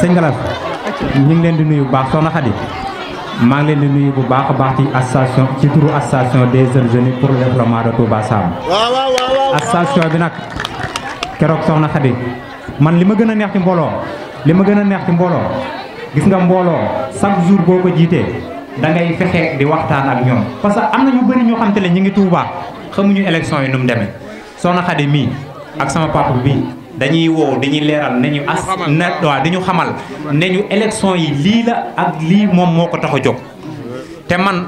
sëñ Galas ñu ngi leen di nuyu bu baax soxna Xadi maa ngi leen di nuyu bu baax a baax ci association ci turu association des jeunes jeunes pour le développement de Touba Sam association bi nag keroog soxna Xadi man li ma gën a neex ci mbooloo li ma gën a neex ti mbooloo gis nga mbooloo chaque jour boo ko jiitee da ngay fexe di waxtaan ak ñoom parce que am na ñu bëri ñoo xam te ñu ngi Touba xamuñu élection yi nu mu demee soxna Xadi mii ak sama papa bi dañuy woo dañuy leeral ne ñu as na waaw dañu xamal ne ñu élection yi lii la ak lii moom moo ko tax a jóg te man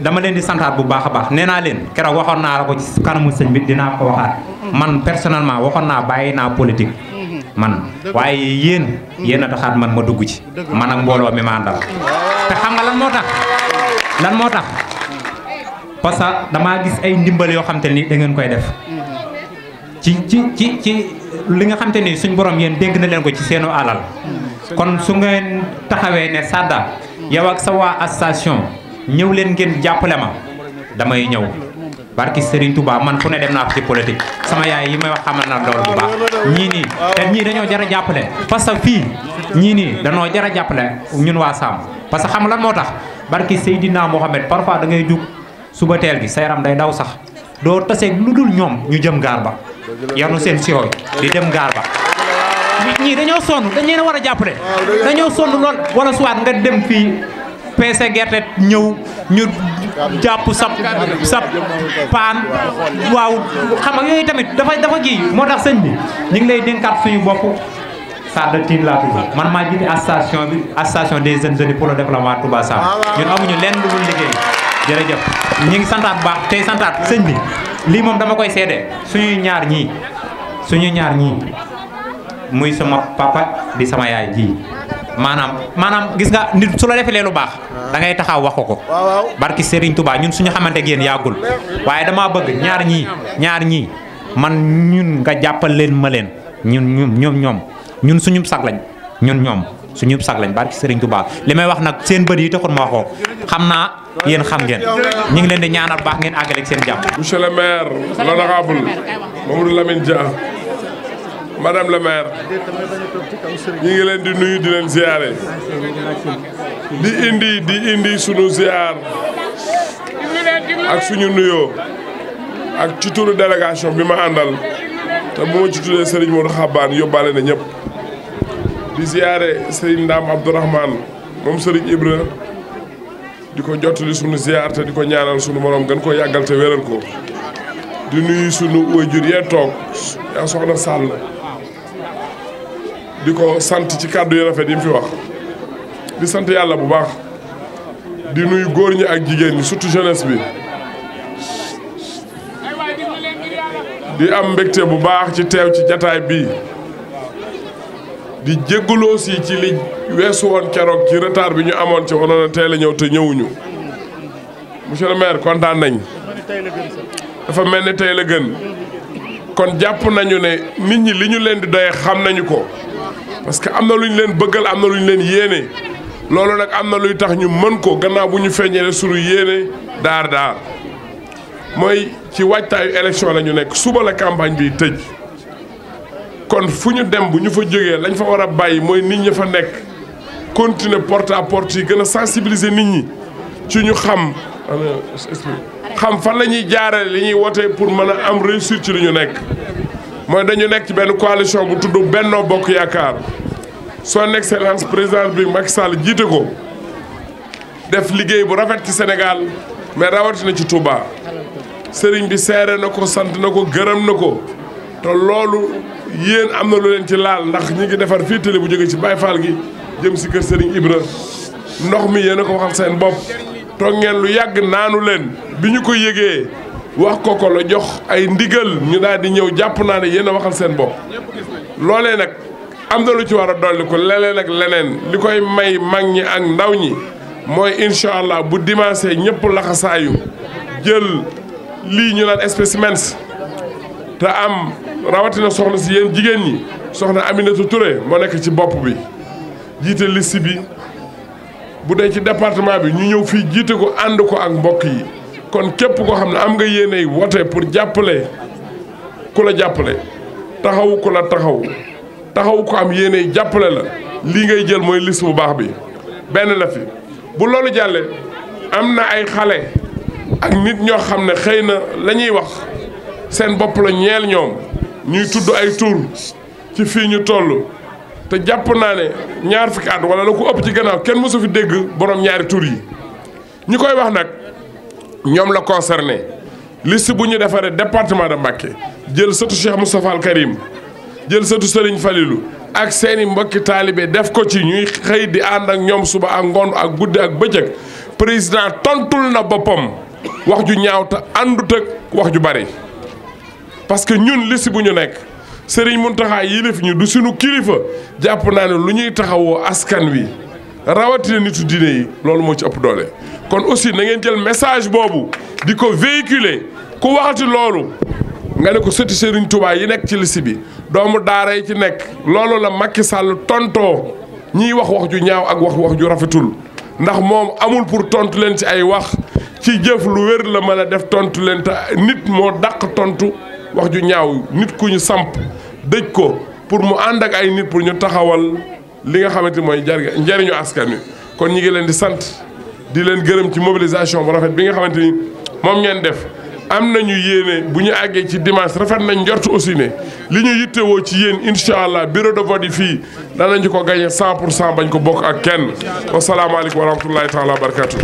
dama leen di santaat bu baax a baax nee naa leen keroog waxoon naa la ko ci kanamu sëñ bi dinaa ko waxaat man personnellement waxoon naa bàyyi naa politique mhm. man waaye yéen mhm. yéen a taxaat man ma dugg ci man ak mbooloo mi ma àndal te xam nga lan moo tax lan moo tax parce que damaa gis ay ndimbal yoo xam te ni da koy def ci ci ci ci li nga xam te ni suñ borom yéen dénk na leen ko ci seenu alal kon su ngeen taxawee ne Sada yow ak sa waa association ñëw leen ngeen jàppale ma damay ñëw barki Serigne Touba man fu ne dem naa ko ci politique sama yaay yi may wax xamal na loolu bu baax ñii nii te ñii dañoo jar a jàppale parce que fii ñii nii dañoo jar a jàppale ñun waa Saam parce que xam lan moo tax barki Seydina Mohamed parfois da ngay jug suba teel gi sa yaram day daw sax doo taseeg lu dul ñoom ñu jëm gaar ba yanu seen siyooy di dem gaar ba ñii dañoo sonn dañ leen a war a jàppale dañoo sonn lool wala soit nga dem fii peese gerte ñëw ñu jàpp sap sab paan waaw xam nga yooyu tamit dafa dafa kii moo tax sëñ bi ñu ngi lay dénkaat suñu bopp Sada Tine laa tudd man maa jiite association bi association des jeunes jeunes pour le développement Touba Sam ñun amuñu lenn lu dul liggéey jërëjëf ñu ngi santaat baax tey santaat sëñ bi lii moom dama koy seede suñuy ñaar ñii suñuy ñaar ñii muy sama papa di sama yaay ji maanaam maanaam gis nga nit su la leen lu baax da ngay taxaw wax ko ko barki Serigne Touba ñun suñu xamante ak yéen yàggul waaye damaa bëgg ñaar ñii ñaar ñii man ñun nga jàppal leen ma leen ñun ñoom ñoom ñun suñu sag lañ ñun ñoom. suñu sag lañ barki sëriñ Touba baax may wax nag seen bët yi taxoon ma waxoo xam naa yéen xam ngeen ñu ngi leen di ñaanal baax ngeen àggale ak seen jàmm. monsieur le maire l'honorable Mamadou Lamine Dia madame maire ñu di nuyu di leen ziare di indi di indi suñu ziar ak suñu nuyoo ak ci turu délégation bi ma àndal te bu ma ci tuddee Serigne Modou Xabaan yóbbaale na ñëpp. di ziyaare sëriñ Ndaam Abdourahman moom sëriñ Ibra di ko jottali sunu ziyaar te di ko ñaanal sunu morom gën ko yàggal te ko di nuyu sunu waajur yee toog yaa soxna Sall di ko sant ci kàddu yu rafet yi mu fi wax di sant yàlla bu baax di góor ñi ak jigéen ñi surtout jeunesse bi di am mbégte bu baax ci teew ci jataay bii di jégalu aussi ci li weesu woon keroog ci retard bi ñu amoon ci wala teel a ñëw te ñëwuñu monsieur le kontaan nañ dafa mel ni tey la gën kon jàpp nañu ne nit ñi li ñu leen di doye xam nañu ko parce que am na lu leen bëggal am na lu leen yéene loolu nag am na luy tax ñu mën ko gannaaw bu ñu feeñee suru yéene daar daar mooy ci waajtaayu élection la ñu nekk suba la campagne bi tëj. kon fu ñu dem bu ñu fa jógee lañ fa war a bàyyi mooy nit ñi fa nekk continuer porte à porte yi gën a sensibiliser nit ñi ci ñu xam xam fan la ñuy jaarale li ñuy wootee pour mën a am réussite ci lu ñu nekk mooy dañu nekk ci benn coalition bu tudd Benno Bokk Yaakaar soo son excellence président bi Macky Sall jiite ko def liggéey bu rafet ci Sénégal mais rawatina ci Touba sëriñ bi seere na ko sant na ko gërëm na ko te loolu yéen am na lu leen ci laal ndax ñi ngi defar fii télé bu jóge ci Baye Fall gi jëm si kër Serigne Ibra ndox mi yéen a ko waxal seen bopp toog ngeen lu yàgg naanu leen bi ñu ko yëgee wax ko ko la jox ay ndigal ñu daal di ñëw jàpp naa ne yéen a waxal seen bopp loolee nag am na lu ci war a dolli ko leneen ak leneen li koy may mag ñi ak ndaw ñi mooy incha allah bu dimanche ñëpp laxasaayu jël lii ñu naan spécimens te am rawatina soxna si yéen jigéen ñi soxna Aminata Touré moo nekk ci bopp bi jiite liste bi bu dee ci département bi ñu ñëw fii jiite ko ànd ko ak mbokk yi kon képp koo xam ne am nga yéeney wote pour jàppale ku la jàppale taxaw ko la taxaw taxaw ko am yéeney jàppale la lii ngay jël mooy liste bu baax bi benn la fi bu loolu jàlle am na ay xale ak nit ñoo xam ne xëy na la ñuy wax seen bopp la ñeel ñoom ñuy tudd ay tur ci fii ñu toll te jàpp naa ne ñaar fukki at wala la ko ëpp ci gannaaw kenn mësu fi dégg borom ñaari tur yi ñu koy wax nag ñoom la concerné liste bu ñu defaree département de Mbacké jël sëtu Cheikh Moustapha Al Karim jël sëtu Serigne Falilou ak seeni mbokki taalibe def ko ci ñuy xëy di ànd ak ñoom suba ak ngoon ak guddi ak bëccëg président tontul na boppam wax ju ñaaw te àndut wax ju bari parce que ñun liste bu ñu nekk Serigne Mountakha yilif ñu du suñu kilifa jàpp naa ne lu ñuy taxawoo askan wi rawatina nitu diine yi loolu moo ci ëpp doole. kon aussi na ngeen jël message boobu di ko véhiculer ku waxati loolu nga ne ko sëti Serigne Touba yi nekk ci liste bi doomu daara yi ci nekk loolu la Macky Sall tontoo ñiy wax wax ju ñaaw ak wax wax ju rafetul ndax moom amul pour tontu leen ci ay wax ci jëf lu wér la mën a def tontu leen te nit moo daq tontu. wax ju ñaaw nit ku ñu samp dëj ko pour mu ànd ak ay nit pour ñu taxawal li nga xamante mooy njariñu askan wi. kon ñi ngi leen di sant di leen gërëm ci mobilisation bu rafet bi nga xamante ni moom ngeen def am nañu yéene bu ñu àggee ci dimanche rafet nañ njort aussi ne li ñu yittewoo ci yéen incha allah bureau de vote yi fii danañu ko gagné 100 pour cent bañ ko bokk ak kenn wasalaamaaleykum wa rahmatullahi taala wa barakatu